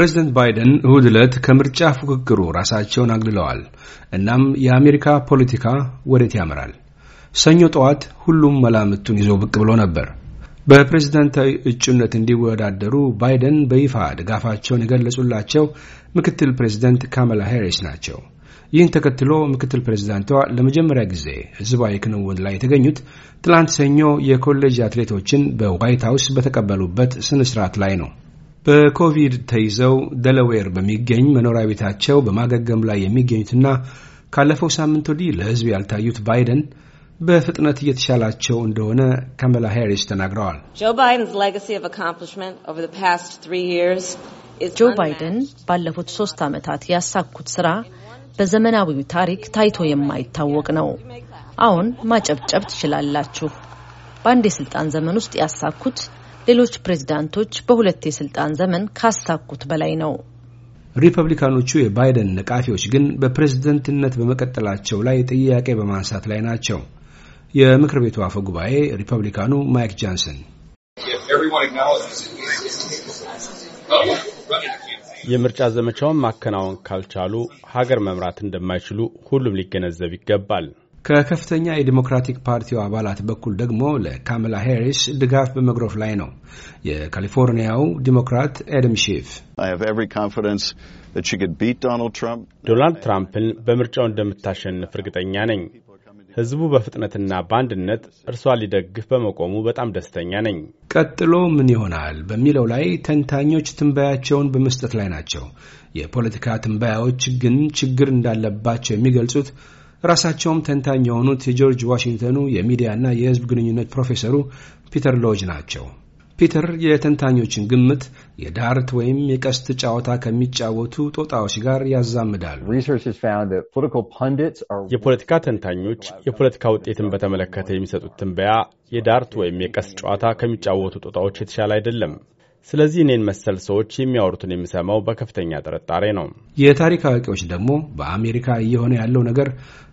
ፕሬዚደንት ባይደን እሁድ ዕለት ከምርጫ ፉክክሩ ራሳቸውን አግልለዋል። እናም የአሜሪካ ፖለቲካ ወዴት ያመራል? ሰኞ ጠዋት ሁሉም መላምቱን ይዞ ብቅ ብሎ ነበር። በፕሬዝደንታዊ እጩነት እንዲወዳደሩ ባይደን በይፋ ድጋፋቸውን የገለጹላቸው ምክትል ፕሬዝደንት ካማላ ሄሪስ ናቸው። ይህን ተከትሎ ምክትል ፕሬዝዳንቷ ለመጀመሪያ ጊዜ ሕዝባዊ ክንውን ላይ የተገኙት ትላንት ሰኞ የኮሌጅ አትሌቶችን በዋይት ሀውስ በተቀበሉበት ስነ ስርዓት ላይ ነው። በኮቪድ ተይዘው ደለዌር በሚገኝ መኖሪያ ቤታቸው በማገገም ላይ የሚገኙትና ካለፈው ሳምንት ወዲህ ለሕዝብ ያልታዩት ባይደን በፍጥነት እየተሻላቸው እንደሆነ ካማላ ሃሪስ ተናግረዋል። ጆ ባይደን ባለፉት ሶስት ዓመታት ያሳኩት ስራ በዘመናዊው ታሪክ ታይቶ የማይታወቅ ነው። አሁን ማጨብጨብ ትችላላችሁ። በአንድ የስልጣን ዘመን ውስጥ ያሳኩት ሌሎች ፕሬዝዳንቶች በሁለት የስልጣን ዘመን ካሳኩት በላይ ነው። ሪፐብሊካኖቹ የባይደን ነቃፊዎች ግን በፕሬዝደንትነት በመቀጠላቸው ላይ ጥያቄ በማንሳት ላይ ናቸው። የምክር ቤቱ አፈ ጉባኤ ሪፐብሊካኑ ማይክ ጃንሰን የምርጫ ዘመቻውን ማከናወን ካልቻሉ ሀገር መምራት እንደማይችሉ ሁሉም ሊገነዘብ ይገባል። ከከፍተኛ የዲሞክራቲክ ፓርቲው አባላት በኩል ደግሞ ለካማላ ሄሪስ ድጋፍ በመግረፍ ላይ ነው። የካሊፎርኒያው ዲሞክራት ኤደም ሺፍ ዶናልድ ትራምፕን በምርጫው እንደምታሸንፍ እርግጠኛ ነኝ። ሕዝቡ በፍጥነትና በአንድነት እርሷ ሊደግፍ በመቆሙ በጣም ደስተኛ ነኝ። ቀጥሎ ምን ይሆናል በሚለው ላይ ተንታኞች ትንበያቸውን በመስጠት ላይ ናቸው። የፖለቲካ ትንበያዎች ግን ችግር እንዳለባቸው የሚገልጹት ራሳቸውም ተንታኝ የሆኑት የጆርጅ ዋሽንግተኑ የሚዲያና የሕዝብ ግንኙነት ፕሮፌሰሩ ፒተር ሎጅ ናቸው። ፒተር የተንታኞችን ግምት የዳርት ወይም የቀስት ጨዋታ ከሚጫወቱ ጦጣዎች ጋር ያዛምዳል። የፖለቲካ ተንታኞች የፖለቲካ ውጤትን በተመለከተ የሚሰጡት ትንበያ የዳርት ወይም የቀስት ጨዋታ ከሚጫወቱ ጦጣዎች የተሻለ አይደለም። ስለዚህ እኔን መሰል ሰዎች የሚያወሩትን የሚሰማው በከፍተኛ ጥርጣሬ ነው። የታሪክ አዋቂዎች ደግሞ በአሜሪካ እየሆነ ያለው ነገር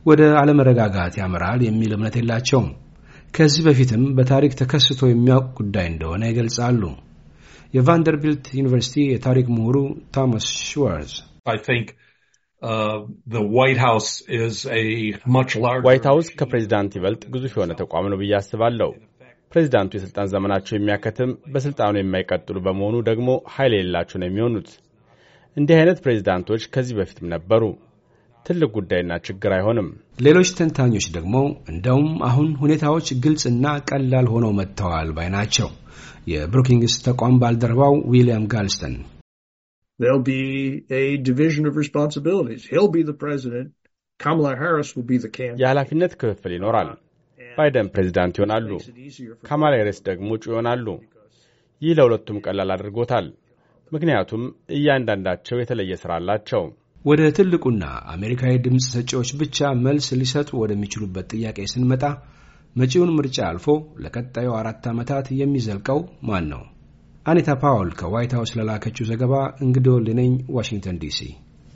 ወደ አለመረጋጋት ያመራል የሚል እምነት የላቸውም። ከዚህ በፊትም በታሪክ ተከስቶ የሚያውቅ ጉዳይ እንደሆነ ይገልጻሉ። የቫንደርቢልት ዩኒቨርሲቲ የታሪክ ምሁሩ ቶማስ ሽዋርዝ uh, ዋይት ሀውስ ከፕሬዚዳንት ይበልጥ ግዙፍ የሆነ ተቋም ነው ብዬ አስባለሁ። ፕሬዚዳንቱ የሥልጣን ዘመናቸው የሚያከትም በሥልጣኑ የማይቀጥሉ በመሆኑ ደግሞ ኃይል የሌላቸው ነው የሚሆኑት። እንዲህ አይነት ፕሬዚዳንቶች ከዚህ በፊትም ነበሩ። ትልቅ ጉዳይና ችግር አይሆንም። ሌሎች ተንታኞች ደግሞ እንደውም አሁን ሁኔታዎች ግልጽና ቀላል ሆነው መጥተዋል ባይ ናቸው። የብሩኪንግስ ተቋም ባልደረባው ዊልያም ጋልስተን የኃላፊነት ክፍፍል ይኖራል። ባይደን ፕሬዚዳንት ይሆናሉ፣ ካማላ ሃሪስ ደግሞ እጩ ይሆናሉ። ይህ ለሁለቱም ቀላል አድርጎታል፣ ምክንያቱም እያንዳንዳቸው የተለየ ሥራ አላቸው። ወደ ትልቁና አሜሪካዊ ድምፅ ሰጪዎች ብቻ መልስ ሊሰጡ ወደሚችሉበት ጥያቄ ስንመጣ መጪውን ምርጫ አልፎ ለቀጣዩ አራት ዓመታት የሚዘልቀው ማን ነው? አኒታ ፓውል ከዋይት ሀውስ ለላከችው ዘገባ እንግዶ ልነኝ ዋሽንግተን ዲሲ